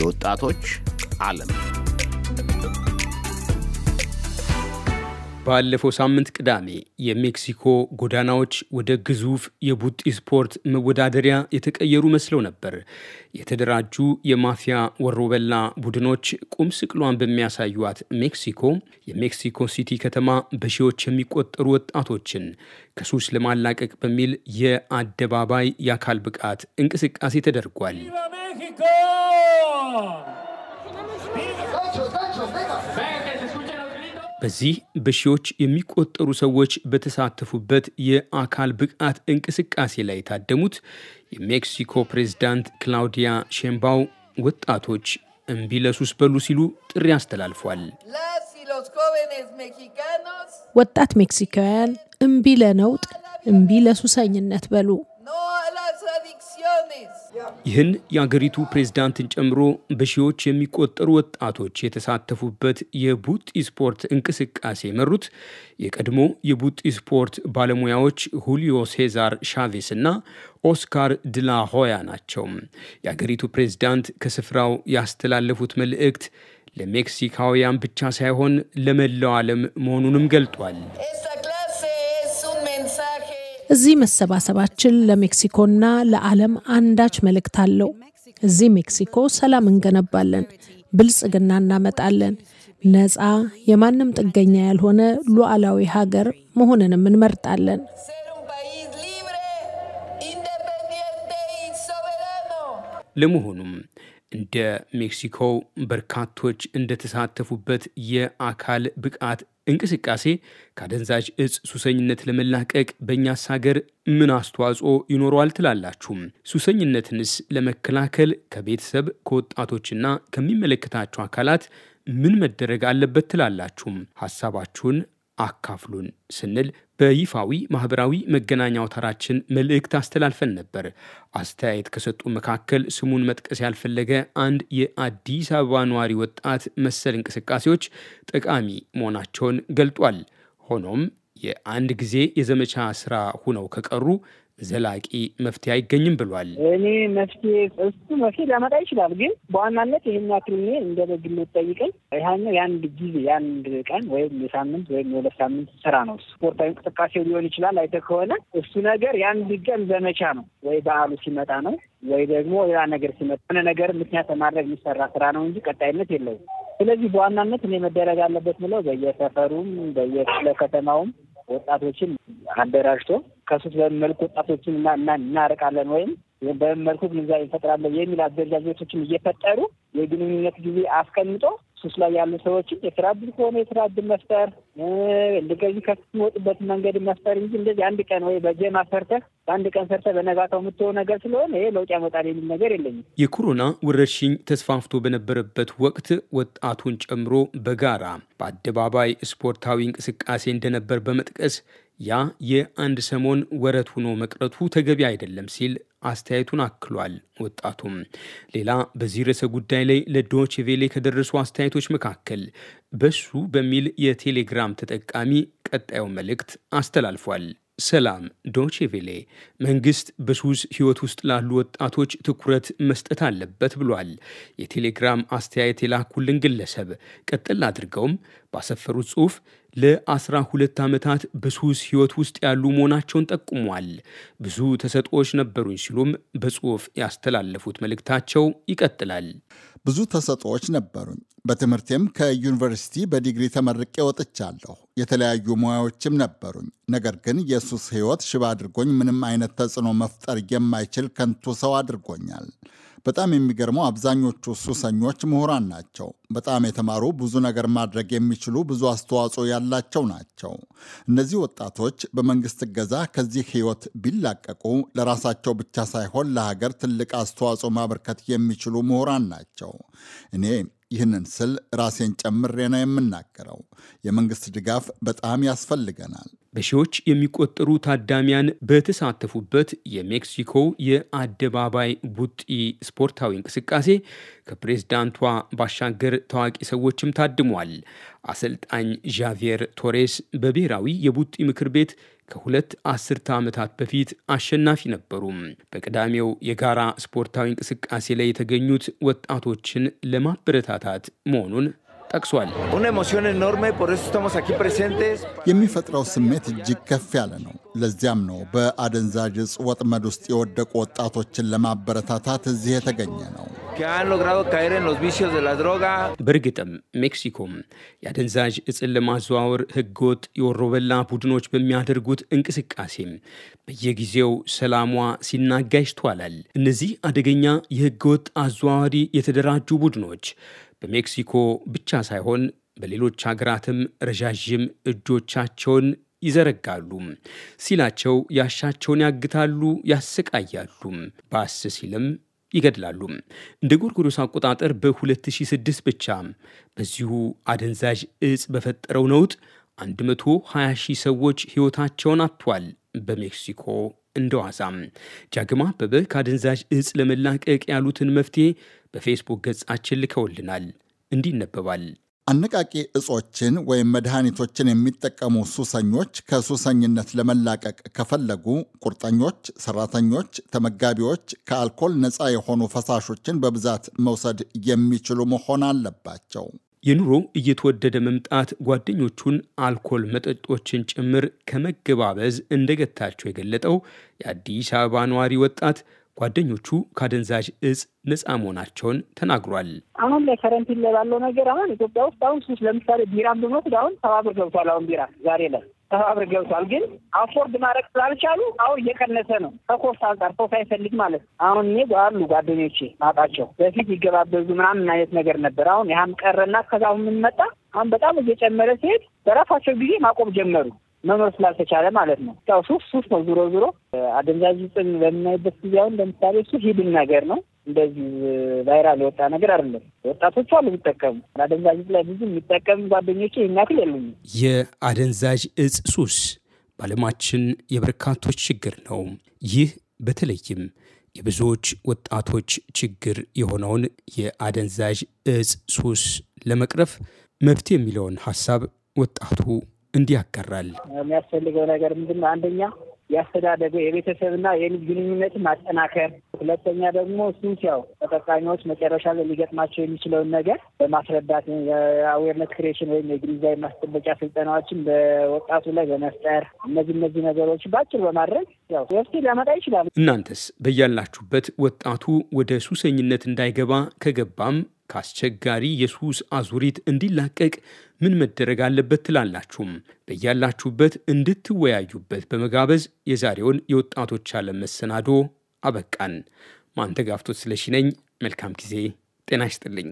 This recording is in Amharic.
የወጣቶች ዓለም ባለፈው ሳምንት ቅዳሜ የሜክሲኮ ጎዳናዎች ወደ ግዙፍ የቡጢ ስፖርት መወዳደሪያ የተቀየሩ መስለው ነበር። የተደራጁ የማፊያ ወሮበላ ቡድኖች ቁም ስቅሏን በሚያሳዩት ሜክሲኮ የሜክሲኮ ሲቲ ከተማ በሺዎች የሚቆጠሩ ወጣቶችን ከሱስ ለማላቀቅ በሚል የአደባባይ የአካል ብቃት እንቅስቃሴ ተደርጓል። በዚህ በሺዎች የሚቆጠሩ ሰዎች በተሳተፉበት የአካል ብቃት እንቅስቃሴ ላይ የታደሙት የሜክሲኮ ፕሬዝዳንት ክላውዲያ ሼምባው ወጣቶች እምቢ ለሱስ በሉ ሲሉ ጥሪ አስተላልፏል። ወጣት ሜክሲካውያን እምቢ ለነውጥ፣ እምቢ ለሱሰኝነት በሉ ይህን የአገሪቱ ፕሬዝዳንትን ጨምሮ በሺዎች የሚቆጠሩ ወጣቶች የተሳተፉበት የቡጢ ስፖርት እንቅስቃሴ የመሩት የቀድሞ የቡጢ ስፖርት ባለሙያዎች ሁሊዮ ሴዛር ሻቬስ እና ኦስካር ድላሆያ ናቸው። የአገሪቱ ፕሬዝዳንት ከስፍራው ያስተላለፉት መልእክት ለሜክሲካውያን ብቻ ሳይሆን ለመላው ዓለም መሆኑንም ገልጧል። እዚህ መሰባሰባችን ለሜክሲኮና ለዓለም አንዳች መልእክት አለው። እዚህ ሜክሲኮ ሰላም እንገነባለን፣ ብልጽግና እናመጣለን፣ ነፃ የማንም ጥገኛ ያልሆነ ሉዓላዊ ሀገር መሆንንም እንመርጣለን። ለመሆኑም እንደ ሜክሲኮ በርካቶች እንደተሳተፉበት የአካል ብቃት እንቅስቃሴ ከአደንዛዥ እጽ ሱሰኝነት ለመላቀቅ በእኛስ ሀገር ምን አስተዋጽኦ ይኖረዋል ትላላችሁም? ሱሰኝነትንስ ለመከላከል ከቤተሰብ ከወጣቶችና ከሚመለከታቸው አካላት ምን መደረግ አለበት ትላላችሁም? ሀሳባችሁን አካፍሉን ስንል በይፋዊ ማህበራዊ መገናኛ አውታራችን መልእክት አስተላልፈን ነበር። አስተያየት ከሰጡ መካከል ስሙን መጥቀስ ያልፈለገ አንድ የአዲስ አበባ ነዋሪ ወጣት መሰል እንቅስቃሴዎች ጠቃሚ መሆናቸውን ገልጧል። ሆኖም የአንድ ጊዜ የዘመቻ ስራ ሁነው ከቀሩ ዘላቂ መፍትሄ አይገኝም ብሏል። እኔ መፍትሄ እሱ መፍትሄ ሊያመጣ ይችላል፣ ግን በዋናነት ይህን ያክል እኔ እንደ በግል ጠይቀኝ የአንድ ጊዜ የአንድ ቀን ወይም የሳምንት ወይም የሁለት ሳምንት ስራ ነው። ስፖርታዊ እንቅስቃሴ ሊሆን ይችላል። አይተ ከሆነ እሱ ነገር የአንድ ቀን ዘመቻ ነው፣ ወይ በዓሉ ሲመጣ ነው፣ ወይ ደግሞ ሌላ ነገር ሲመጣ ሆነ ነገር ምክንያት ለማድረግ የሚሰራ ስራ ነው እንጂ ቀጣይነት የለውም። ስለዚህ በዋናነት እኔ መደረግ አለበት ምለው በየሰፈሩም በየክፍለ ከተማውም ወጣቶችን አደራጅቶ ከሱስ በምን መልኩ ወጣቶችን እናርቃለን ወይም በምን መልኩ ግንዛቤ እንፈጥራለን የሚል አደረጃጀቶችን እየፈጠሩ የግንኙነት ጊዜ አስቀምጦ ሱስ ላይ ያሉ ሰዎችን የስራ እድል ከሆነ የስራ እድል መፍጠር እንደዚህ ከሚወጡበት መንገድ መፍጠር እንጂ እንደዚህ አንድ ቀን ወይ በጀማ ሰርተህ በአንድ ቀን ሰርተህ በነጋታው የምትሆን ነገር ስለሆነ ይሄ ለውጥ ያመጣል የሚል ነገር የለኝም። የኮሮና ወረርሽኝ ተስፋፍቶ በነበረበት ወቅት ወጣቱን ጨምሮ በጋራ በአደባባይ ስፖርታዊ እንቅስቃሴ እንደነበር በመጥቀስ ያ የአንድ ሰሞን ወረት ሆኖ መቅረቱ ተገቢ አይደለም ሲል አስተያየቱን አክሏል። ወጣቱም ሌላ በዚህ ርዕሰ ጉዳይ ላይ ለዶች ቬሌ ከደረሱ አስተያየቶች መካከል በሱ በሚል የቴሌግራም ተጠቃሚ ቀጣዩ መልእክት አስተላልፏል። ሰላም ዶቼ ቬሌ፣ መንግስት በሱስ ህይወት ውስጥ ላሉ ወጣቶች ትኩረት መስጠት አለበት ብሏል። የቴሌግራም አስተያየት የላኩልን ግለሰብ ቀጥል አድርገውም ባሰፈሩት ጽሑፍ ለአስራ ሁለት ዓመታት በሱስ ህይወት ውስጥ ያሉ መሆናቸውን ጠቁሟል። ብዙ ተሰጥኦዎች ነበሩኝ ሲሉም በጽሑፍ ያስተላለፉት መልእክታቸው ይቀጥላል። ብዙ ተሰጥኦዎች ነበሩኝ። በትምህርቴም ከዩኒቨርሲቲ በዲግሪ ተመርቄ ወጥቻለሁ። የተለያዩ ሙያዎችም ነበሩኝ። ነገር ግን የሱስ ህይወት ሽባ አድርጎኝ ምንም አይነት ተጽዕኖ መፍጠር የማይችል ከንቱ ሰው አድርጎኛል። በጣም የሚገርመው አብዛኞቹ ሱሰኞች ምሁራን ናቸው። በጣም የተማሩ ብዙ ነገር ማድረግ የሚችሉ ብዙ አስተዋጽኦ ያላቸው ናቸው። እነዚህ ወጣቶች በመንግስት እገዛ ከዚህ ህይወት ቢላቀቁ ለራሳቸው ብቻ ሳይሆን ለሀገር ትልቅ አስተዋጽኦ ማበርከት የሚችሉ ምሁራን ናቸው። እኔ ይህንን ስል ራሴን ጨምሬ ነው የምናገረው። የመንግስት ድጋፍ በጣም ያስፈልገናል። በሺዎች የሚቆጠሩ ታዳሚያን በተሳተፉበት የሜክሲኮ የአደባባይ ቡጢ ስፖርታዊ እንቅስቃሴ ከፕሬዝዳንቷ ባሻገር ታዋቂ ሰዎችም ታድሟል። አሰልጣኝ ዣቪየር ቶሬስ በብሔራዊ የቡጢ ምክር ቤት ከሁለት አስርተ ዓመታት በፊት አሸናፊ ነበሩ። በቅዳሜው የጋራ ስፖርታዊ እንቅስቃሴ ላይ የተገኙት ወጣቶችን ለማበረታታት መሆኑን ጠቅሷል። የሚፈጥረው ስሜት እጅግ ከፍ ያለ ነው። ለዚያም ነው በአደንዛዥ እጽ ወጥመድ ውስጥ የወደቁ ወጣቶችን ለማበረታታት እዚህ የተገኘ ነው። በእርግጥም ሜክሲኮም የአደንዛዥ እጽን ለማዘዋወር ህገወጥ የወሮበላ ቡድኖች በሚያደርጉት እንቅስቃሴም በየጊዜው ሰላሟ ሲናጋ ይስተዋላል። እነዚህ አደገኛ የህገወጥ አዘዋዋሪ የተደራጁ ቡድኖች በሜክሲኮ ብቻ ሳይሆን በሌሎች ሀገራትም ረዣዥም እጆቻቸውን ይዘረጋሉ። ሲላቸው ያሻቸውን ያግታሉ፣ ያሰቃያሉ። ባስ ሲልም ይገድላሉ። እንደ ጎርጎሮስ አቆጣጠር በ2006 ብቻ በዚሁ አደንዛዥ እጽ በፈጠረው ነውጥ 120 ሺህ ሰዎች ሕይወታቸውን አጥቷል በሜክሲኮ እንደዋዛም ጃግማ አበበ ከአደንዛዥ እጽ ለመላቀቅ ያሉትን መፍትሄ በፌስቡክ ገጻችን ልከውልናል። እንዲህ ይነበባል። አነቃቂ እጾችን ወይም መድኃኒቶችን የሚጠቀሙ ሱሰኞች ከሱሰኝነት ለመላቀቅ ከፈለጉ ቁርጠኞች፣ ሰራተኞች፣ ተመጋቢዎች ከአልኮል ነፃ የሆኑ ፈሳሾችን በብዛት መውሰድ የሚችሉ መሆን አለባቸው። የኑሮ እየተወደደ መምጣት ጓደኞቹን አልኮል መጠጦችን ጭምር ከመገባበዝ እንደገታቸው የገለጠው የአዲስ አበባ ነዋሪ ወጣት ጓደኞቹ ከአደንዛዥ እጽ ነፃ መሆናቸውን ተናግሯል። አሁን ላይ ከረንት ላይ ባለው ነገር አሁን ኢትዮጵያ ውስጥ አሁን ሱስ ለምሳሌ ቢራን ብንወስድ አሁን ተባብር ገብቷል። አሁን ቢራ ዛሬ ላይ ተባብር ገብቷል። ግን አፎርድ ማድረግ ስላልቻሉ አሁን እየቀነሰ ነው። ከኮስት አንጻር ሰው ሳይፈልግ ማለት አሁን እኔ አሉ ጓደኞቼ ማጣቸው በፊት ይገባበዙ ምናምን አይነት ነገር ነበር። አሁን ያህም ቀረና ከዛ የምንመጣ አሁን በጣም እየጨመረ ሲሄድ በራሳቸው ጊዜ ማቆም ጀመሩ። መኖር ስላልተቻለ ማለት ነው። ያው ሱፍ ሱፍ ነው። ዙሮ ዙሮ አደንዛዥ ዕፅን በምናይበት ጊዜ አሁን ለምሳሌ እሱ ሂድን ነገር ነው። እንደዚህ ቫይራል የወጣ ነገር አይደለም። ወጣቶቹ አሉ የሚጠቀሙ አደንዛዥ ዕፅ ላይ ብዙ የሚጠቀም ጓደኞች ይህን የሉኝ። የአደንዛዥ እጽ ሱስ በዓለማችን የበርካቶች ችግር ነው። ይህ በተለይም የብዙዎች ወጣቶች ችግር የሆነውን የአደንዛዥ እጽ ሱስ ለመቅረፍ መፍትሄ የሚለውን ሀሳብ ወጣቱ እንዲህ ያቀራል። የሚያስፈልገው ነገር ምንድን ነው? አንደኛ የአስተዳደገ የቤተሰብና የልጅ ግንኙነት ማጠናከር፣ ሁለተኛ ደግሞ እሱም ያው ተጠቃሚዎች መጨረሻ ላይ ሊገጥማቸው የሚችለውን ነገር በማስረዳት የአዌርነት ክሬሽን ወይም የግንዛቤ ማስጠበቂያ ስልጠናዎችን በወጣቱ ላይ በመፍጠር እነዚህ እነዚህ ነገሮች በአጭር በማድረግ ያው መፍትሄ ሊያመጣ ይችላል። እናንተስ በያላችሁበት ወጣቱ ወደ ሱሰኝነት እንዳይገባ ከገባም ከአስቸጋሪ የሱስ አዙሪት እንዲላቀቅ ምን መደረግ አለበት ትላላችሁም? በያላችሁበት እንድትወያዩበት በመጋበዝ የዛሬውን የወጣቶች ዓለም መሰናዶ አበቃን። ማንተጋፍቶት ስለሺ ነኝ። መልካም ጊዜ። ጤና ይስጥልኝ።